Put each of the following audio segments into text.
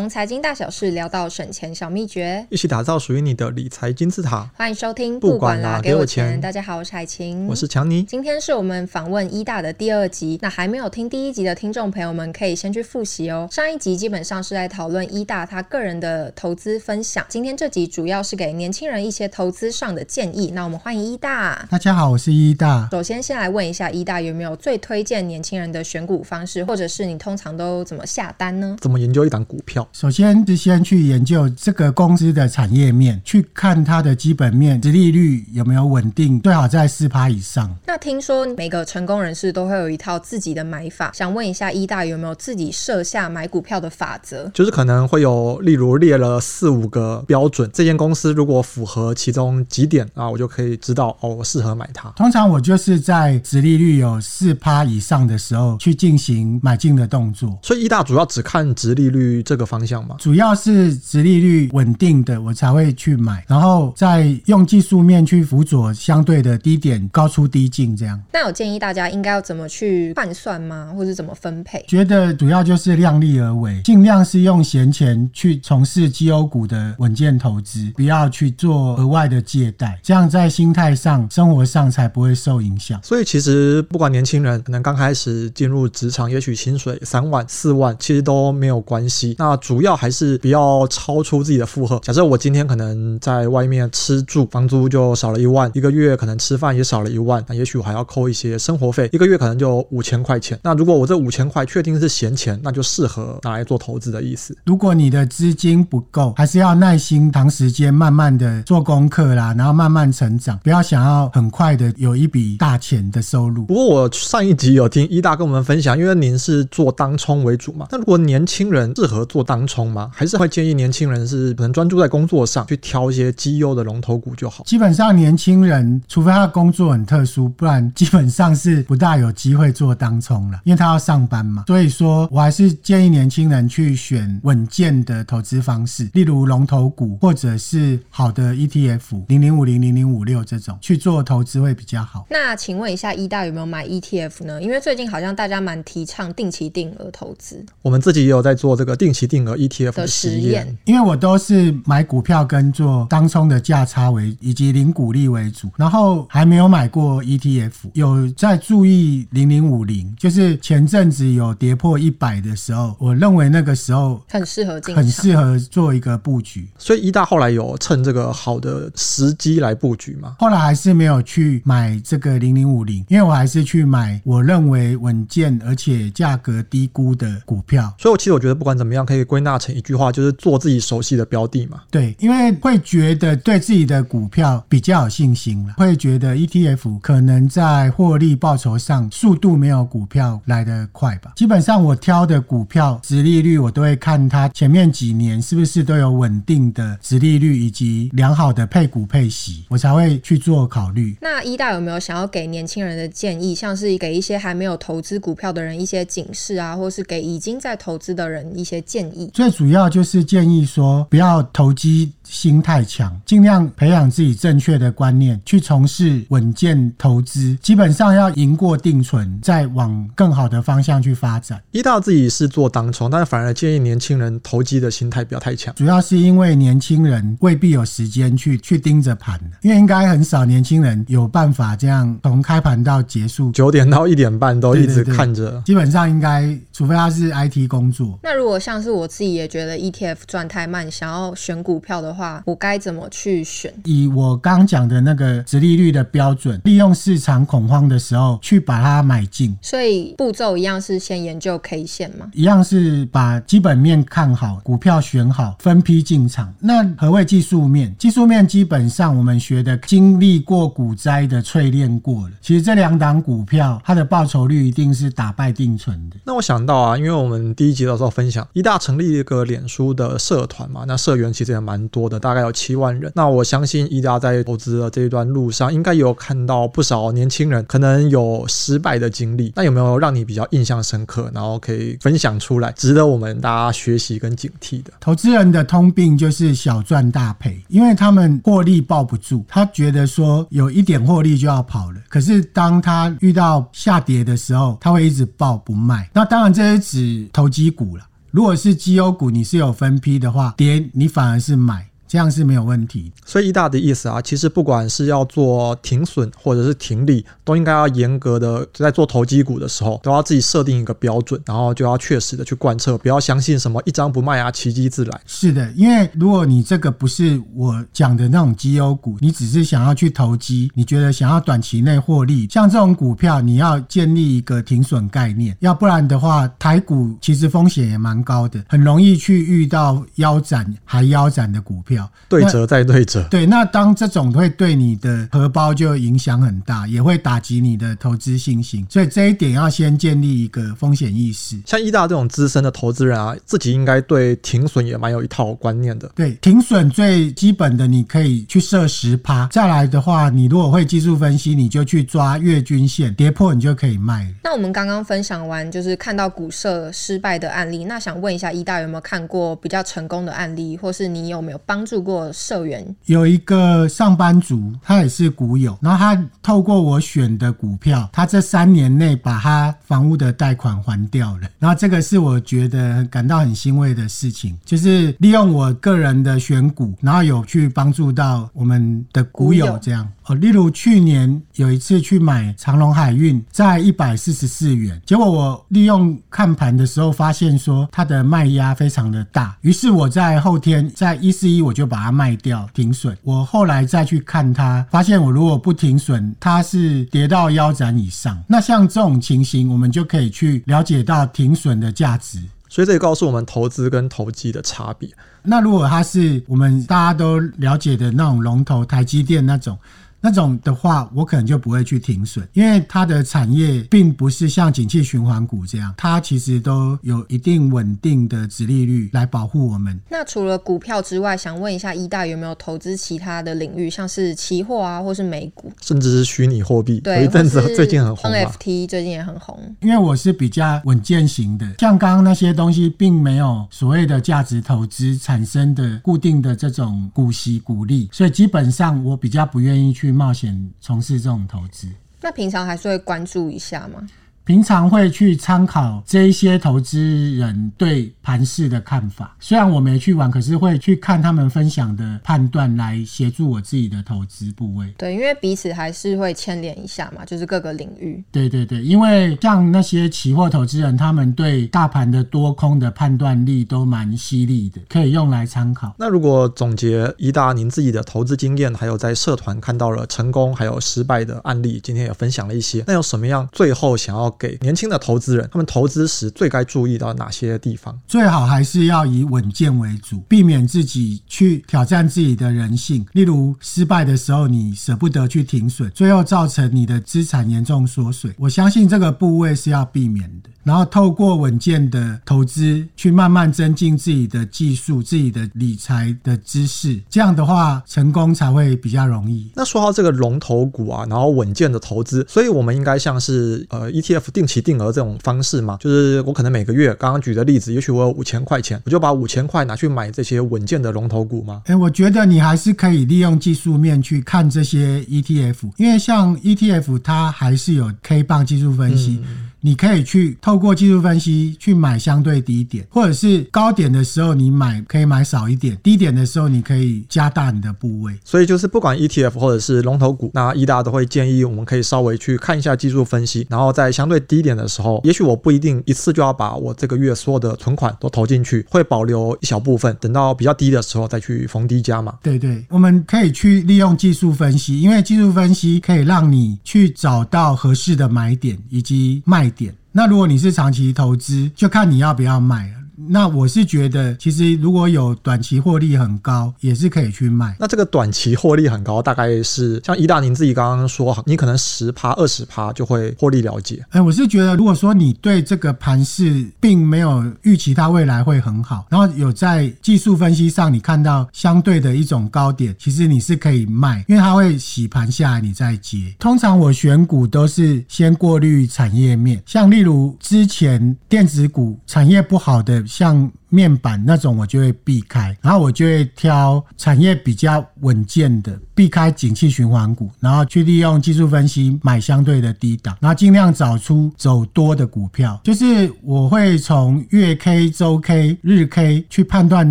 從財經大小事聊到省錢小祕訣，一起打造屬於你的理財金字塔。歡迎收聽，不管啦，給我錢。大家好，我是海晴，我是強尼。今天是我們訪問 E 大的第二集。那還沒有聽第一集的聽眾朋友們，可以先去複習哦。上一集基本上是在討論 E 大他個人的投資分享。今天這集主要是給年輕人一些投資上的建議。那我們歡迎 E 大。大家好，我是 E 大。首先先來問一下 E 大，有沒有最推薦年輕人的選股方式，或者是你通常都怎麼下單呢？怎麼研究一檔股票？首先是先去研究這個公司的產業面，去看它的基本面，殖利率有沒有穩定，最好在四趴以上。那聽說每個成功人士都會有一套自己的買法，想問一下 E 大有沒有自己設下買股票的法則？就是可能會有，例如列了四五個標準，這間公司如果符合其中幾點啊，那我就可以知道哦，我適合買它。通常我就是在殖利率有四趴以上的時候去進行買進的動作。所以 E 大主要只看殖利率這個方。影響嗎？主要是殖利率穩定的，我才會去買，然後再用技術面去輔佐，相對的低點高出低進這樣。那我建議大家應該要怎麼去換算嗎？或者怎麼分配？覺得主要就是量力而為，盡量是用閒錢去從事績優股的穩健投資，不要去做額外的借貸，這樣在心態上、生活上才不會受影響。所以其實不管年輕人可能剛開始進入職場，也許薪水三萬、四萬，其實都沒有關係。那主主要還是不要超出自己的負荷。假設我今天可能在外面吃住，房租就少了一萬，一個月可能吃飯也少了一萬，那也許我還要扣一些生活費，一個月可能就五千塊錢。那如果我這五千塊確定是閒錢，那就適合拿來做投資的意思。如果你的資金不夠，還是要耐心長時間，慢慢的做功課啦，然後慢慢成長，不要想要很快的有一筆大錢的收入。不過我上一集有聽 E 大跟我們分享，因為您是做當沖為主嘛，那如果年輕人適合做當沖，當沖嗎？還是會建議年輕人是可能專注在工作上去挑一些績優的龍頭股就好。基本上年輕人，除非他工作很特殊，不然基本上是不大有機會做當沖了，因為他要上班嘛。所以說我還是建議年輕人去選穩健的投資方式，例如龍頭股或者是好的 ETF 零零五零零零五六這種去做投資會比較好。那請問一下，E 大有沒有買 ETF 呢？因為最近好像大家蠻提倡定期定額投資，我們自己也有在做這個定期定。整個 ETF 的實驗，因為我都是買股票跟做當沖的價差為，以及領股利為主，然後還沒有買過 ETF，有在注意零零五零，就是前陣子有跌破一百的時候，我認為那個時候很適合進，很適合做一個布局。所以 E 大後來有趁這個好的時機來布局嘛？後來還是沒有去買這個零零五零，因為我還是去買我認為穩健而且價格低估的股票。所以我其實我覺得不管怎麼樣可以。歸納成一句話，就是做自己熟悉的標的嘛。對，因為會覺得對自己的股票比較有信心了，會覺得 ETF 可能在獲利報酬上速度沒有股票來得快吧。基本上我挑的股票殖利率，我都會看它前面幾年是不是都有穩定的殖利率以及良好的配股配息，我才會去做考慮。那 E 大有沒有想要給年輕人的建議，像是給一些還沒有投資股票的人一些警示啊，或是給已經在投資的人一些建議？最主要就是建議說，不要投機。心態強，盡量培養自己正確的觀念，去從事穩健投資，基本上要贏過定存，再往更好的方向去發展。提到自己是做當沖，但反而建議年輕人投機的心態不要太強，主要是因為年輕人未必有時間去去盯着盤，因為應該很少年輕人有辦法這樣從開盤到結束，九點到一點半都一直看着。基本上應該，除非他是 IT 工作。那如果像是我自己也覺得 ETF 賺太慢，想要選股票的話。話，我該怎麼去選？以我剛講的那個殖利率的標準，利用市場恐慌的時候去把它買進。所以步驟一樣是先研究 K 線嘛，一樣是把基本面看好，股票選好，分批進場。那何謂技術面？技術面基本上我們學的，經歷過股災的淬煉過了。其實這兩檔股票，它的報酬率一定是打敗定存的。那我想到啊，因為我們第一集的時候分享，E 大成立一個臉書的社團嘛，那社員其實也蠻多的。的大概有七萬人。那我相信，E 大在投資的這一段路上，應該有看到不少年輕人可能有失敗的經歷。那有沒有讓你比較印象深刻，然後可以分享出來，值得我們大家學習跟警惕的？投資人的通病就是小賺大賠，因為他們獲利抱不住，他覺得說有一點獲利就要跑了。可是當他遇到下跌的時候，他會一直抱不賣。那當然，這是指投機股啦。如果是績優股，你是有分批的話，跌你反而是買。這樣是沒有問題。所以，E 大的意思啊，其實不管是要做停損或者是停利，都應該要嚴格的。在做投機股的時候，都要自己設定一個標準，然後就要確實的去貫徹，不要相信什麼一張不賣啊，奇蹟自來。是的，因為如果你這個不是我講的那種績優股，你只是想要去投機，你覺得想要短期內獲利，像這種股票，你要建立一個停損概念，要不然的話，台股其實風險也蠻高的，很容易去遇到腰斬還腰斬的股票。對折再對折，對，那當這種會對你的荷包就影響很大，也會打擊你的投資信心，所以這一點要先建立一個風險意識。像 E 大這種資深的投資人啊，自己應該對停損也蠻有一套觀念的。對，停損最基本的你可以去設十趴，再來的話，你如果會技術分析，你就去抓月均線跌破，你就可以賣。那我們剛剛分享完就是看到股市失敗的案例，那想問一下 E 大有沒有看過比較成功的案例，或是你有沒有幫助？助過社員，有一個上班族，他也是股友，然後他透過我選的股票，他這三年內把他房屋的貸款還掉了，然後這個是我覺得感到很欣慰的事情，就是利用我個人的選股，然後有去幫助到我們的股友這樣。例如去年有一次去買長榮海運，在一百四十四元，結果我利用看盤的時候發現說它的賣壓非常的大，於是我在後天在一四一我就把它賣掉停損。我後來再去看它，發現我如果不停損，它是跌到腰斬以上。那像這種情形，我們就可以去了解到停損的價值。所以這也告訴我們投資跟投機的差別。那如果它是我們大家都了解的那種龍頭台積電那種。那種的話，我可能就不會去停損，因為它的產業並不是像景氣循環股這樣，它其實都有一定穩定的殖利率來保護我們。那除了股票之外，想問一下，E 大有沒有投資其他的領域，像是期貨啊，或是美股，甚至是虛擬貨幣？對，有一陣子最近很紅，NFT 最近也很紅。因為我是比較穩健型的，像剛剛那些東西，並沒有所謂的價值投資產生的固定的這種股息股利，所以基本上我比較不願意去。冒險從事這種投資，那平常還是會關注一下嗎？平常會去參考這一些投資人對盤市的看法，雖然我沒去玩，可是會去看他們分享的判斷來協助我自己的投資部位。對，因為彼此還是會牽連一下嘛，就是各個領域。對對對，因為像那些期貨投資人，他們對大盤的多空的判斷力都蠻犀利的，可以用來參考。那如果總結，E 大您自己的投資經驗，還有在社團看到了成功還有失敗的案例，今天也分享了一些，那有什麼樣最後想要？給年輕的投資人，他們投資時最該注意到哪些地方？最好還是要以穩健為主，避免自己去挑戰自己的人性。例如，失敗的時候你舍不得去停損，最後造成你的資產嚴重縮水。我相信這個部位是要避免的。然後透過穩健的投資，去慢慢增進自己的技術、自己的理財的知識，這樣的話成功才會比較容易。那說到這個龍頭股啊，然後穩健的投資，所以我們應該像是呃 ETF 定期定額這種方式嘛，就是我可能每個月剛剛舉的例子，也許我有五千塊錢，我就把五千塊拿去買這些穩健的龍頭股嘛。欸，我覺得你還是可以利用技術面去看這些 ETF，因為像 ETF 它還是有 K 棒技術分析。嗯你可以去透過技術分析，去買相對低點，或者是高點的時候你買可以買少一點，低點的時候你可以加大你的部位。所以就是不管 ETF 或者是龍頭股，那 E 大都會建議我們可以稍微去看一下技術分析，然後在相對低點的時候，也許我不一定一次就要把我這個月所有的存款都投進去，會保留一小部分，等到比較低的時候再去逢低加碼。對對，我們可以去利用技術分析，因為技術分析可以讓你去找到合適的買點以及賣點。那如果你是長期投資，就看你要不要賣了。那我是覺得，其實如果有短期獲利很高，也是可以去賣。那這個短期獲利很高，大概是像 E 大您自己剛剛說，你可能十趴、二十趴就會獲利了結。哎，我是覺得，如果說你對這個盤勢並沒有預期它未來會很好，然後有在技術分析上你看到相對的一種高點，其實你是可以賣，因為它會洗盤下來，你再接。通常我選股都是先過濾產業面，像例如之前電子股產業不好的。像。面板那種我就會避開，然後我就會挑產業比較穩健的，避開景氣循環股，然後去利用技術分析買相對的低檔，然後儘量找出走多的股票。就是我會從月 K、周 K、日 K 去判斷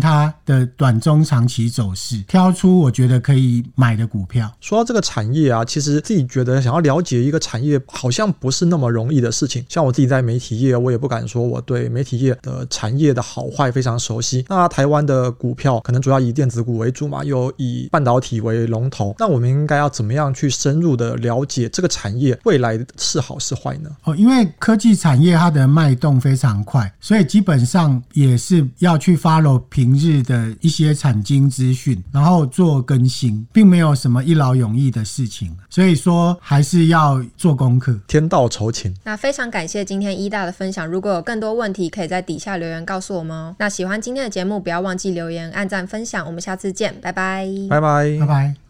它的短、中、長期走勢，挑出我覺得可以買的股票。說到這個產業啊，其實自己覺得想要了解一個產業，好像不是那麼容易的事情。像我自己在媒體業，我也不敢說我對媒體業的產業的好壞。非常熟悉。那台灣的股票可能主要以電子股為主嘛，又以半導體為龍頭。那我們應該要怎麼樣去深入的了解這個產業未來是好是壞呢？哦，因為科技產業它的脈動非常快，所以基本上也是要去 follow 平日的一些產經資訊，然後做更新，並沒有什麼一勞永逸的事情。所以說，還是要做功課，天道酬勤。那非常感謝今天 E 大的分享。如果有更多問題，可以在底下留言告訴我們哦。那喜歡今天的節目，不要忘記留言、按讚、分享。我們下次見，拜拜！拜拜！拜拜！